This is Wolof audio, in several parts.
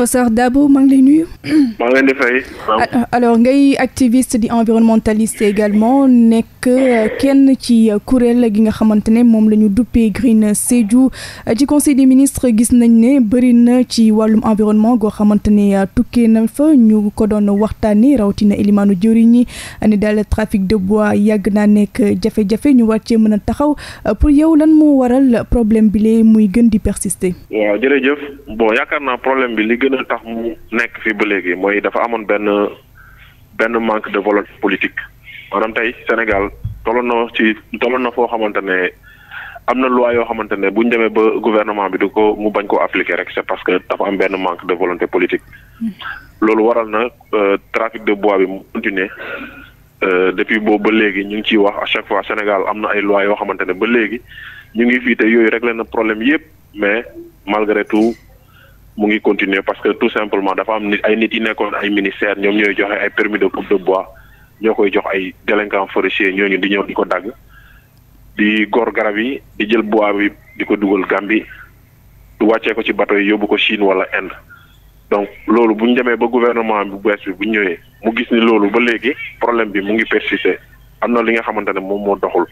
Massar Dabo maa ngi lay nuyu. maa alors ngay activiste di environnementaliste également nekk euh, kenn ci euh, kuréel gi nga xamante ne moom la ñu duppee Green Sédhiou euh, ci conseil des ministre gis nañ ne bëri na ci wàllum environnement goo xamante ne tukkee na fa ñu ko doon waxtaanee rawatina élimaanu jëriñ ñi ne daal trafic de bois yàgg naa nekk jafe-jafe ñu wàccee cee mën a taxaw pour yow lan moo waral problème bi lee muy gën di persister. waaw jërëjëf bon yaakaar naa problème gën tax mu nekk fi ba léegi mooy dafa amoon benn benn manque de volonté politique maanaam tey Sénégal tolloon na ci tolloon na foo xamante ne am na loi yoo xamante ne bu ñu demee ba gouvernement bi du ko mu bañ ko appliquer rek c'est parce que dafa am benn manque de volonté politique. Hmm. loolu waral na euh, trafic de bois bi mu continuer euh, depuis boobu ba léegi ñu ngi ciy wax à chaque fois Sénégal am na ay loi yoo xamante ne ba léegi ñu ngi fii te yooyu réglé na problème yépp mais malgré tout. mu ngi continuer parce que tout simplement dafa am nit ay nit yi nekkoon ay ministères ñoom ñooy joxe ay permis de coupe de bois ñoo koy jox ay délinquants forestiers ñooñu di ñëw di ko dagg di gor garab yi di jël bois bi di ko dugal Gambie du wàccee ko ci bateau yi yóbbu ko Chine wala Inde donc loolu bu ñu demee ba gouvernement bu bees bi bu ñëwee mu gis ni loolu ba léegi problème bi mu ngi persister am na li nga xamante ne moom moo doxul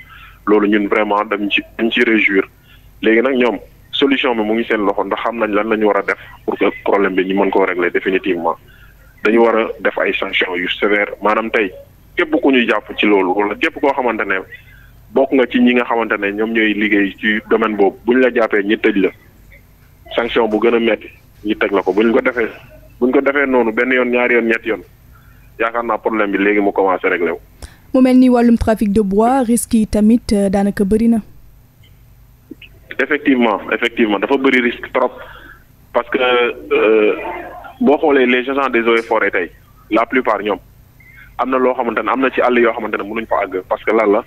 loolu ñun vraiment dañ ci dañ ci léegi nag ñoom. solution bi mu ngi seen loxo ndax xam nañ lan la ñu war a def pour que problème bi ñu mën koo régler définitivement dañu war a def ay sanctions yu sévères maanaam tey képp ku ñu jàpp ci loolu wala képp koo xamante ne bokk nga ci ñi nga xamante ne ñoom ñooy liggéey ci domaine boobu bu ñu la jàppee ñi tëj la sanction bu gën a metti ñi teg la ko bu ñu ko defee buñ ko defee noonu benn yoon ñaari yoon ñetti yoon yaakaar naa problème bi léegi mu commencé réglé wu. mu mel tamit euh, daanaka bëri na. effectivement effectivement dafa bëri risque trop parce que euh, boo xoolee les agents des eaux et forêts tey la plupart ñoom am na loo xamante ne am na ci àll yoo xamante ne mënuñ fa àgg parce que lan la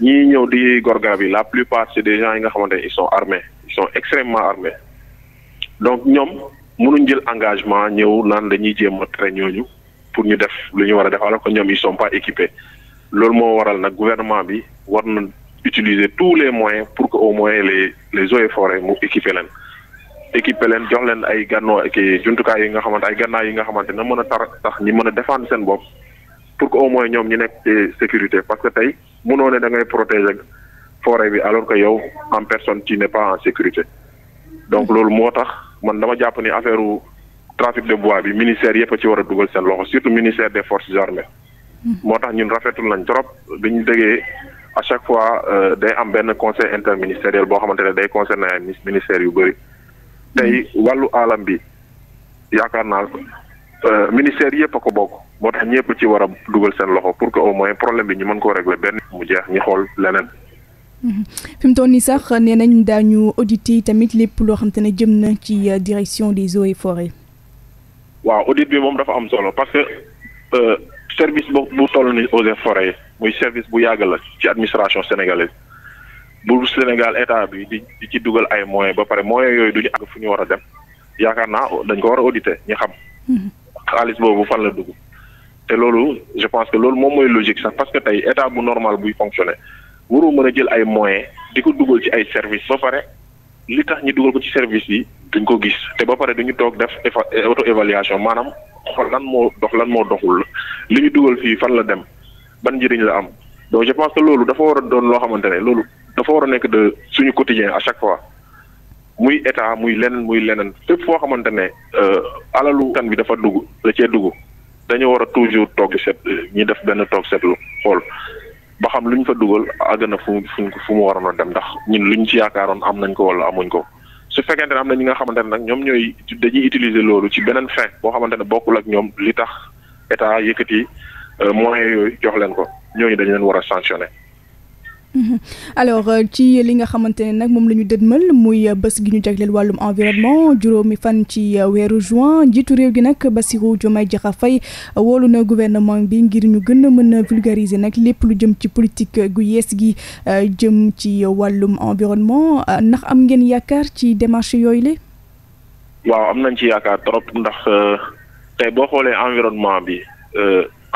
ñii ñëw di gor garab yi la plupart c'est des yi nga xamante ne ils sont armés ils sont extrêmement armés donc ñoom mënuñ jël engagement ñëw naan dañuy jéem a traiter ñooñu pour ñu def lu ñu war a def alors que ñoom ils sont pas équipés loolu moo waral nag gouvernement bi utiliser tous les moyens pour que au moins les les eaux et forêts mu équiper leen équiper leen jox leen ay gànnoo ak jumtukaay yi nga xamante ay gànnaay yi nga xamante na mën a tar tax ñi mën a défendre seen bopp pour que au moins ñoom ñu nekk sécurité parce que tey mënoo ne da ngay protéger forêt bi alors que yow en personne tu n'es pas en sécurité donc loolu moo tax man dama jàpp ni affaire trafic de bois bi ministère yëpp ci war a dugal seen loxo surtout ministère des forces armées hmm. moo tax ñun rafetul à chaque fois euh, day am benn conseil interministériel boo xamante ne day concerné ay ministères yu bëri tey mm-hmm. wàllu alam bi yaakaar naa euh, ministère yëpp a ko bokk moo tax ñëpp ci war a dugal seen loxo pour que au moins problème bi ñu mën koo régler benn mu jeex ñi xool leneen. Mm-hmm. fi mu toll nii sax nee nañ daañu auditer tamit lépp loo xam te ne jëm na ci euh, direction des eaux et forêts. waaw audit bi moom dafa am solo parce que service boobu bu toll ni eaux et forêts muy service bu yàgg la ci administration sénégalaise bu Sénégal état bi di di ci dugal ay moyens ba pare moyens yooyu du ñu àgg fu ñu war a dem yaakaar naa dañ ko war a auditer ñu xam. Mm-hmm. xaalis boobu fan la dugg. te loolu je pense que loolu moom mooy logique sax parce que tey état bu normal buy fonctionner waroo mën a jël ay moyens di ko dugal ci ay service ba pare li tax ñi dugal ko ci service yi duñ ko gis te ba pare duñu toog def auto évaluation maanaam xool lan moo dox lan moo doxul li ñu dugal fii fan la dem. ban njëriñ la am donc je pense que loolu dafa war a doon loo xamante ne loolu dafa war a nekk de suñu quotidien à chaque fois muy état muy leneen muy leneen fépp foo xamante ne euh, alalu kan bi dafa dugg da cee dugg dañu war a toujours toog set ñi def benn toog seetlu xool ba xam lu ñu fa dugal àgg na fu fu fu mu waroon a dem ndax ñun lu ñu ci yaakaaroon am nañ ko wala amuñ ko su fekkente ne am na ñi nga xamante ne nag ñoom ñooy dañuy utiliser loolu ci beneen fin boo xamante ne bokkul ak ñoom li tax état yëkkati Euh, moyens yooyu jox leen ko ñooñu dañ leen war a sanctionner. alors euh, ci li nga xamante ne nag moom la ñu dëdmal muy euh, bés gi ñu jagleel wàllum environnement juróomi fan ci weeru juin njiitu réew gi nag Bassirou Diomaye a fay woolu na gouvernement bi ngir ñu gën a mën a vulgariser nag lépp lu jëm ci politique gu yees gi jëm ci wàllum environnement ndax am ngeen yaakaar ci démarché yooyu le waaw am nañ ci yaakaar trop ndax tey boo xoolee environnement bi.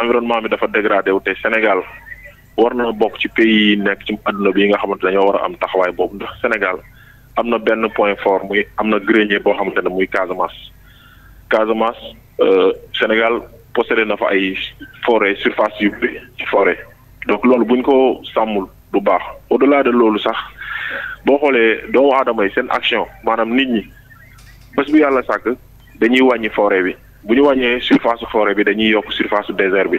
environnement bi dafa dégradé wu te Sénégal war na bokk ci pays nekk ci àdduna bi yi nga xamante dañoo war a am taxawaay boobu ndax Sénégal am na benn point fort muy am na grenier boo xamante ne muy Casamance Casamance euh, Sénégal possédé na fa ay forêt surface yu bëri forêt donc loolu buñ ko sàmmul du baax au delà de loolu sax boo xoolee doomu aadama yi seen action maanaam nit ñi bés bu yàlla sàkk dañuy wàññi forêt bi bu ñu wàññee surface su forêt bi dañuy yokk surface su désert bi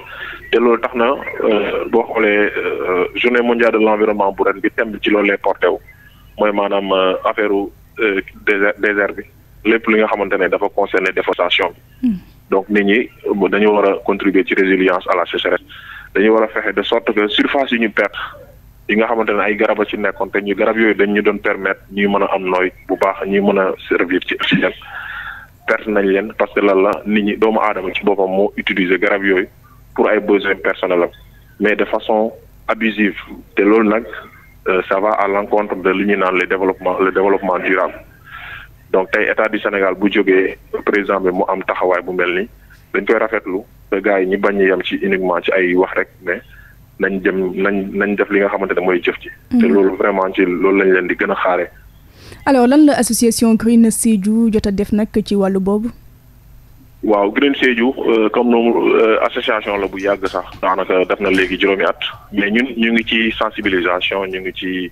te loolu tax na euh, boo xoolee euh, journée mondiale de l' environnement bu ren bi thème bi ci loolu lay porté wu mooy maanaam euh, affaire u désert bi lépp li nga xamante ne dafa concerné déforestation bi hmm. donc nit ñi dañu war a contribuer ci résilience à la sécheresse dañu war a fexe de sorte que surface yi ñu perte i nga xamante ne ay garab a ci nekkoon te ñuy garab yooyu dañu ñu doon permettre ñuy mën a am nooy bu baax ñuy mën a servir ci oxygène perte nañ leen parce que lan la nit ñi doomu aadama ci boppam moo utiliser garab yooyu pour ay besoins personnels am mais de façon abusive te loolu nag euh, ça va à l'encontre li ñu naan le développement le développement durable donc tey état du Sénégal bu jógee président bi mu am taxawaay bu mel ni dañ koy rafetlu te gars yi ñi bañ yam ci uniquement ci ay wax rek mais nañ jëm nañ nañ def li nga xamante ne mooy jëf ci mm. te loolu vraiment ci loolu lañ leen di gën a xaare alors lan la association Green Sédhiou jot a def nag ci wàllu boobu. waaw Green Sédhiou euh, comme noonu euh, association la bu yàgg sax daanaka def na léegi juróomi at mais ñun ñu ngi ci sensibilisation ñu ngi ci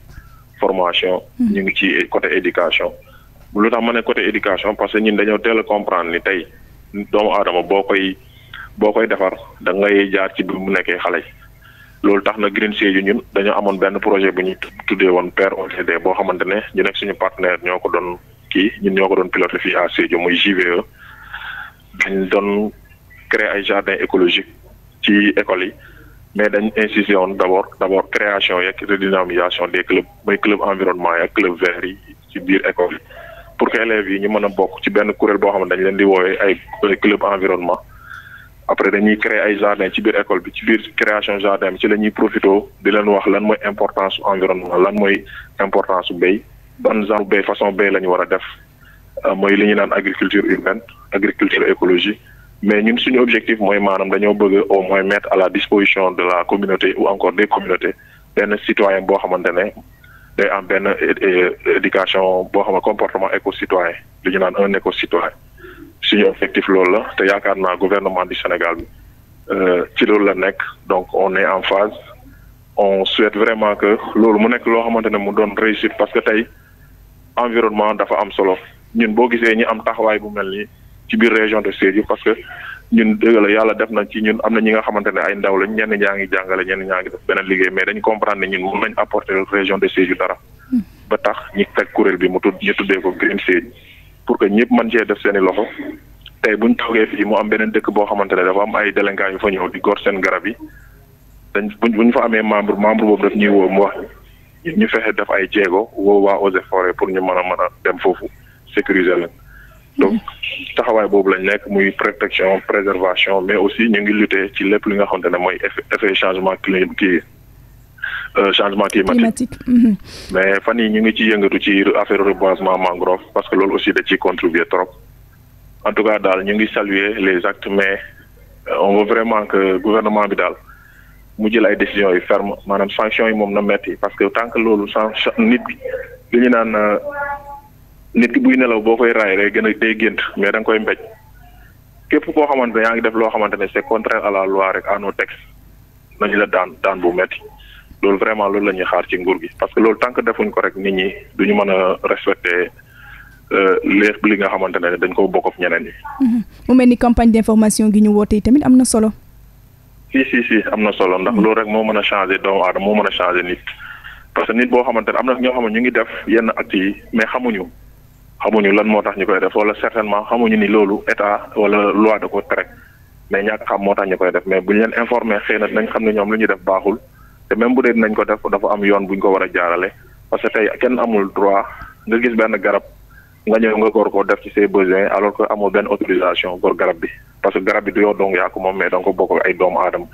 formation. Hmm. ñu ngi ci côté éducation. lu tax ma ne côté éducation parce que ñun dañoo teel a comprendre ni tey doomu aadama boo koy boo koy defar da ngay jaar ci bi mu nekkee xale yi loolu tax na Green Sédhiou ñun dañoo amoon benn projet bu ñu tuddee woon PEROCD boo xamante ne ñu nekk suñu partenaire ñoo ko doon kii ñun ñoo ko doon piloté fii à Sédhiou muy JVE dañ doon créer ay jardin écologique ci école yi mais dañ insisté woon d' abord d' abord création yeeg redynamisation des clubs mooy club environnement yeeg club vert yi ci biir école yi pour que élèves yi ñu mën a bokk ci benn kuréel boo xam ne dañ leen di woowee ay club environnement après dañuy créer ay jardin ci biir école bi ci biir création jardin bi ci la ñuy profité di leen wax lan mooy importance su environnement lan mooy importance su béy ban genre béy façon béy la ñu war a def euh, mooy li ñu naan agriculture urbaine agriculture écologie mais ñun suñu objectif mooy maanaam dañoo bëgg au moins mettre à la disposition de la communauté ou encore des communautés benn citoyen boo xamante ne day am benn éducation boo xam ne comportement éco citoyen li ñu naan un éco suñu objectif loolu la te yaakaar naa gouvernement du Sénégal bi euh, ci loolu la nekk donc on est en phase on souhaite vraiment que loolu mu nekk loo xamante ne mu doon réussite parce que tey environnement dafa am solo ñun boo gise ñi am taxawaay bu mel nii ci biir région de Sédhiou parce que ñun dëgg la yàlla def na ci ñun am na ñi nga xamante ne ay ndaw lañ ñenn ñaa ngi jàngale ñenn ñaa ngi liggéey mais dañ comprendre ne ñun mun nañ apporter région de Sédhiou dara hmm. ba tax ñi teg kuréel bi mu tudd ñu ko Green Sédhiou pour que ñëpp mën cee def seeni i loxo tey buñ toogee fii mu am beneen dëkk boo xamante ne dafa am ay délinquants yu fa ñëw di gor seen garab yi dañ buñ buñ fa amee membre membre boobu daf ñuy woo mu wax ñu fexe def ay jéego woo waa eaux et pour ñu mën a mën dem foofu sécuriser leen donc taxawaay boobu lañ nekk muy prétection préservation mais aussi ñu ngi lutter ci lépp li nga xamante ne mooy effet changement climatique yi Euh, changement climatique mhm. mais fan yi ñu ngi ci yëngatu ci affaire reboisement mangrove parce que loolu aussi ci ciy contribuer trop en tout cas daal ñu ngi saluer les actes mais euh, on veut vraiment que gouvernement bi daal mu jël ay décisions yu ferme maanaam sanction yi moom na metti parce que tant que loolu sanction nit ki li ñu naan euh, nit ki buy nelaw boo koy raay day gën a day gént mais da koy mbéj képp koo xamante ne yaa ngi def loo xamante ne c'est contraire à la loi rek à nos textes nañu la daan daan bu metti loolu vraiment loolu la ñuy xaar ci nguur gi parce que loolu tant que defuñ ko rek nit ñi duñu mën a respecter euh, léeg li nga xamante ne dañ ko bokk ak ñeneen ñi. Mhm. mu mel ni campagne d'information gi ñu woote yi tamit am na solo. si si si am na solo ndax mhm. loolu rek moo mën a changer doomu aadama moo mën a changer nit. parce que nit boo xamante ne am na ñoo xam ne ñu ngi def yenn actes yi mais xamuñu xamuñu lan moo tax ñu koy def wala certainement xamuñu ni loolu état wala loi da ko tere mais ñàkk xam moo tax ñu koy def mais bu ñu leen informé xëy xam ne ñoom lu ñu def baaxul. te même bu dee nañ ko def dafa am yoon bu ñu ko war a jaarale parce que tey kenn amul droit nga gis benn garab nga ñëw nga góor koo def ci ses besoins alors que amul benn autorisation góor garab bi parce que garab bi du yoo dong yaa ko moom mais da ko bokk ay doomu aadama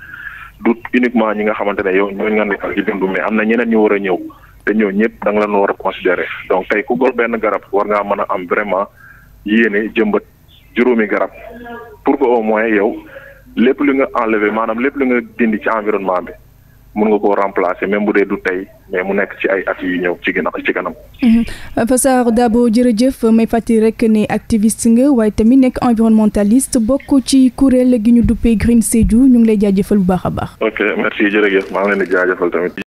du uniquement ñi nga xamante ne yow ñooñu nga nekkal ci dund mais am na ñeneen ñu war a ñëw te ñëw ñëpp da nga leen war a considérer donc tey ku góor benn garab war ngaa mën a am vraiment yéene jëmbat juróomi garab pour que au yow lépp li nga enlever maanaam lépp li nga dindi ci environnement bi. mun nga koo remplacer même bu dee du tey mais mu nekk ci ay at yu ñëw ci ginnaaw ci kanam. Mhm. Fassar jërëjëf may fàttali rek ne activiste nga waaye tamit nekk environnementaliste bokk ci kuréel gi ñu duppee Green Sédhiou ñu ngi lay jaajëfal bu baax a baax.